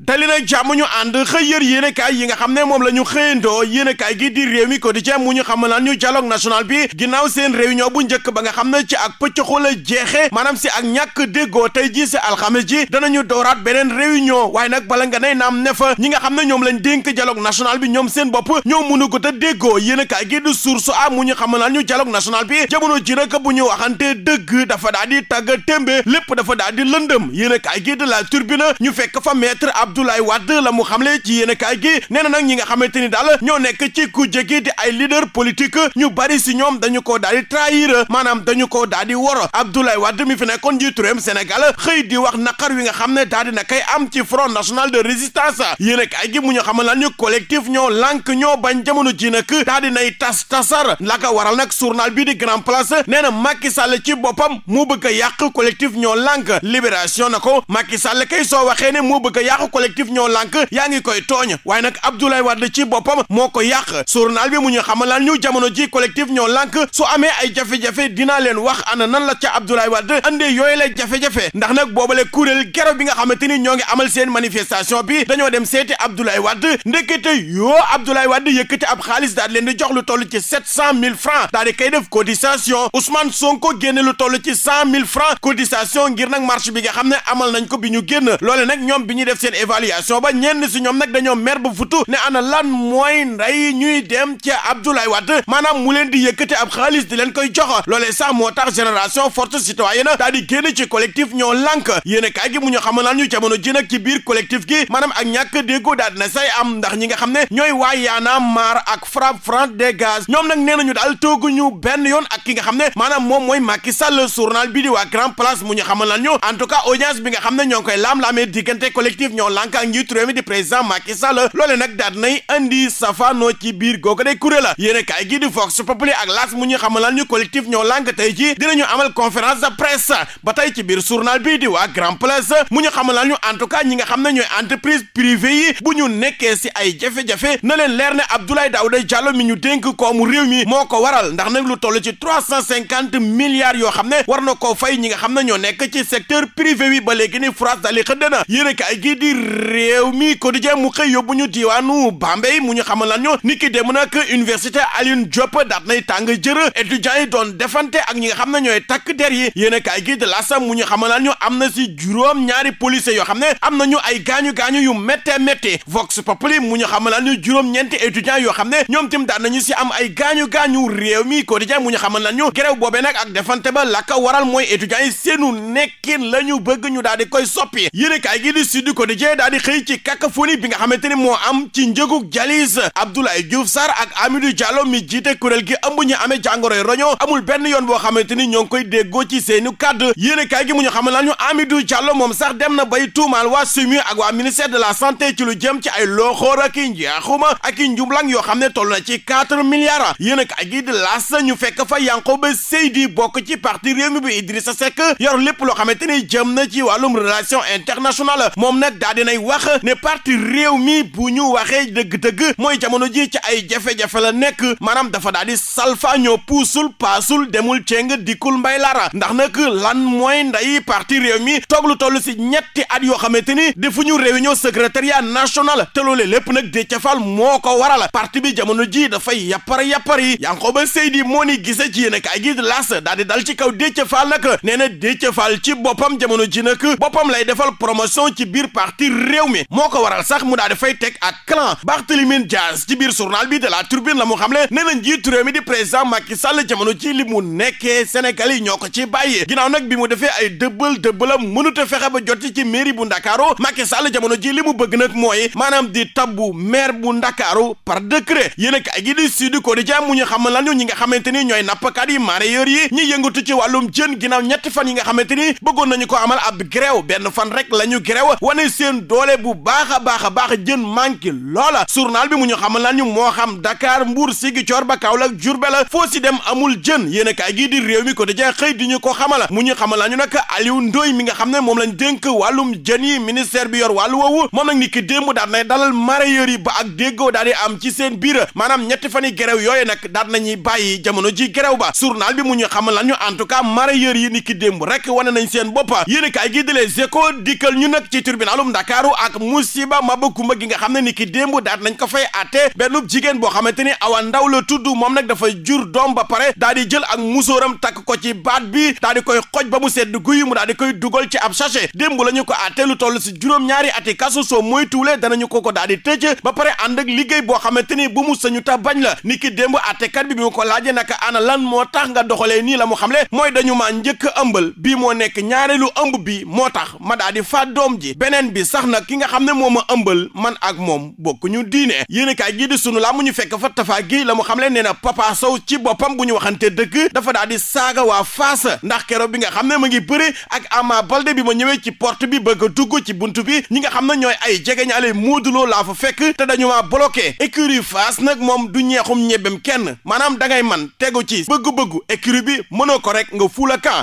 dali nag jàmm ñu ànd xëy yër yéenekaay yi nga xam ne moom la ñu xëyandoo yéenekaay gi di réew mi ko quotidien mu ñu xamal naan ñu dialogue national bi ginnaaw seen réunion bu njëkk ba nga xam ne ci ak pëccëxoo la jeexe maanaam si ak ñàkk déggoo tey ji si alxame ji danañu dooraat beneen réunion waaye nag bala nga nay naam ne fa ñi nga xam ne ñoom lañ dénk dialogue national bi ñoom seen bopp ñoo mënu ko te déggoo yéenekaay source a mu ñu xamal naan ñu dialogue national bi jamono ji nag bu ñu waxante dëgg dafa daal di tàgg témbe lépp dafa daal di lëndëm yéenekaay gi de la ñu fekk fa maître Abdoulaye Wade la xam xamle ci yéen a kaay gi nee na nag ñi nga xamante ni daal ñoo nekk ci ku jëkki ay leader politique ñu bari si ñoom dañu koo daal di trahir maanaam dañu koo daal di wor Abdoulaye wadd mi fi nekkoon njiitu réewum Sénégal xëy di wax naqar wi nga xam ne daal di na kay am ci Front National de Résistance yéen a kaay gi mu ñu xamal ñu collectif ñoo lànk ñoo bañ jamono ji nag daal di nay tas tasar la ko waral nag journal bii di Grand Place nee na Macky Sall ci boppam mu bëgg a yàq collectif ñoo lànk libération na ko Macky Sall kay soo waxee ne mu bëgg a collectif ñoo lànk yaa ngi koy tooñ waaye nag Abdoulaye Wade ci boppam moo ko yàq journal bi mu ñu xamalal ñu jamono ji collectif ñoo lànk su amee ay jafe-jafe dinaa leen wax ana nan la ca Abdoulaye Wade andee yooyu la jafe-jafe ndax nag boobale kuréel gero bi nga xamante ni ñoo ngi amal seen manifestation bi dañoo dem seeti Abdoulaye Wade ndekete yoo Abdoulaye Wade yëkkati ab xaalis daal leen di jox lu toll ci sept cent mille francs daal di koy def cotisation Ousmane lu toll ci cent mille francs cotisation ngir nag marche bi nga xam ne amal nañ ko bi ñu génn loole nag ñoom bi ñuy def seen évaluation ba ñenn si ñoom nag dañoo mer ba futu ne ana lan mooy ndey ñuy dem ca Abdoulaye Wade maanaam mu leen di yëkkate ab xaalis di leen koy jox loolee sax moo tax génération force citoyenne daal di génn ci collectif ñoo lànk yéen a kaay gi mu ñu xamal naan ñu jamono ji nag ci biir collectif gi maanaam ak ñàkk déggoo daal dina say am ndax ñi nga xam ne ñooy waa yaana maar ak frappe France Dégage ñoom nag nee nañu daal tooguñu benn yoon ak ki nga xam ne maanaam moom mooy Macky Sall ne ñoo ngi koy lànk ak njiitu réew mi di président Macky Sall loole nag daal nay andi safaanoo ci biir googu day kuréel la yéen a kaay gii di Vox Populi ak laas mu ñu xamalaan ñu collectif ñoo lànk tey ji dinañu amal conférence de presse ba tey ci biir journal bi di waa Grand Place mu ñu xamalaan ñu en tout cas ñi nga xam ne ñooy entreprise privée yi bu ñu nekkee si ay jafe-jafe na leen leer ne Abdoulaye Daouda Diallo mi ñu dénk koomu réew mi moo ko waral ndax nag lu toll ci trois cent cinquante milliards yoo xam ne war na koo fay ñi nga xam ne ñoo nekk ci secteur privé bi ba léegi ni France dali xëdd na yéen a kaay gii di réew mi quotidien mu xam yóbbu ñu diwaanu Bambey mu ñu xamal lan ñu ni ki dem nag université Alioune Diop daat nay tàng jër étudiants yi doon defante ak ñu xam ne ñooy takk der yi yéen a kaay gi de la mu ñu xamal lan ñu am na si juróom ñaari policiers yoo xam ne am nañu ay gaañu gaañu yu méttee méttee Vox Populi mu ñu xam lan ñu juróom-ñeenti étudiants yoo xam ne ñoom tim daan ñu si am ay gaañu gaañu réew mi quotidien mu ñu xamal lan ñu grève boobee nag ak defante ba la ko waral mooy étudiants yi seenu nekkin la ñu bëgg ñu daal di koy soppi Quotidien daal di xëy ci bi nga xamante ni moo am ci njëgug jalis ay Diouf sar ak Amidou Diallo mi jiite kuréel gi ëmb ñu amee jàngoroy roño amul benn yoon boo xamante ni ñoo ngi koy déggoo ci seeni kàddu yéene kaay gi mu ñu xamal ñu Amidou Diallo moom sax dem na bay tuumaal waa SUMI ak waa de la santé ci lu jëm ci ay loo looxoor ak i njaaxuma ak i njub njublang yoo xam ne toll na ci quatre milliards yéene kaay gi di laas ñu fekk fa Yankhoba Seydi bokk ci parti Rewmi bi Idrissa Seck yor lépp loo xamante ni jëm na ci wàllum relation internationale moom nag dinay wax ne parti réew mi bu ñu waxee dëgg-dëgg mooy jamono ji ci ay jafe-jafe la nekk maanaam dafa daal di salfa ñoo puusul paasul demul ceng kul mbay lara ndax nag lan mooy nday parti réew mi toog lu toll si ñetti at yoo xamante ni defuñu réunion secrétariat national te loolee lépp nag Déthié Fall moo ko waral parti bi jamono ji dafay yappar yappar yi Yankhoba Seydi moo ni gisee ci yéen kaay gi las daal di dal ci kaw Déthié Fall nag nee na Déthié Fall ci boppam jamono ji nag boppam lay defal promotion ci biir parti biir réew mi moo ko waral sax mu daal di fay teg ak clan Barthélémy Dias ci biir journal bi de la Tribune la mu xamle nee na njiitu réew mi di président Macky Sall jamono ci li mu nekkee Sénégal yi ñoo ko ci bàyyee ginnaaw nag bi mu defee ay dëbbal dëbbalam mënut a fexe ba jot ci mairie bu Ndakaaru Macky Sall jamono ji li mu bëgg nag mooy maanaam di tabbu maire bu Ndakaaru par décret yéen a kaay gi di Sud mu ñu xamal lan ñi nga xamante ni ñooy nappkat yi mareyeur yi ñi yëngatu ci wàllum jën ginnaaw ñetti fan yi nga xamante ni bëggoon nañu ko amal ab grève benn rek la leen doole bu baax a baax a baax jën manqué loola journal bi mu ñu xamal ñu moo xam Dakar Mbour Ziguinchor ba Kaolack Diourbel la foo si dem amul jën yéen kaay gii di réew mi ko dajee xëy di ñu ko xamala mu ñu xamal ñu nag Aliou Ndoye mi nga xam ne moom lañ dénk wàllum jën yi ministère bi yor wàllu woowu moom nag ni ki démb daan nay dalal mareyeur yi ba ak déggoo daal di am ci seen biir maanaam ñetti fani gerew yooyu nag daan nañuy bàyyi jamono ji gerew ba journal bi mu ñu xamal nañu en tout cas mareyeur yi ni ki démb rek wane nañ seen bopp yéen kaay gii di Les Échos dikkal ñu nag ci tribunalum Dakar ndakaaru ak musiba maba kumba gi nga xam ne ni ki démb daat nañ ko fay àtte benn jigéen boo xamante ni awa ndaw la tudd moom nag dafa jur doom ba pare daa di jël ak musóoram takk ko ci baat bi daa di koy xoj ba mu sedd guy mu daa di koy dugal ci ab sachet démb la ñu ko àtte lu toll si juróom-ñaari ati kasu soo mooy tuule danañu ko ko daa di tëj ba pare ànd ak liggéey boo xamante ni bu mu sëñu ta bañ la ni ki démb ate bi bi mu ko laajee naka ana lan moo tax doxalee nii la mu xamle mooy dañu maa njëkk ëmbal bii moo nekk ñaareelu ëmb bi moo tax ma daa di faat doom ji beneen bi xam nag ki nga xam ne moo ma ëmbal man ak moom bokkuñu diine yéenekaay gii di sunu laa mu ñu fekk fa Tapha Guèye la mu xam leen nee na Papa Sow ci boppam bu ñu waxante dëgg dafa daal saaga waa Fass ndax keroog bi nga xam ne ma ngi bëre ak Ama Baldé bi ma ñëwee ci port bi bëgg a dugg ci bunt bi ñi nga xam ne ñooy ay jegeñaale Modou Lo laa fekk te dañu maa bloqué écurie Fass nag moom du ñeexum ñebem kenn maanaam dangay man tegu ci bëgg-bëggu écurie bi mënoo ko rek nga fuula kan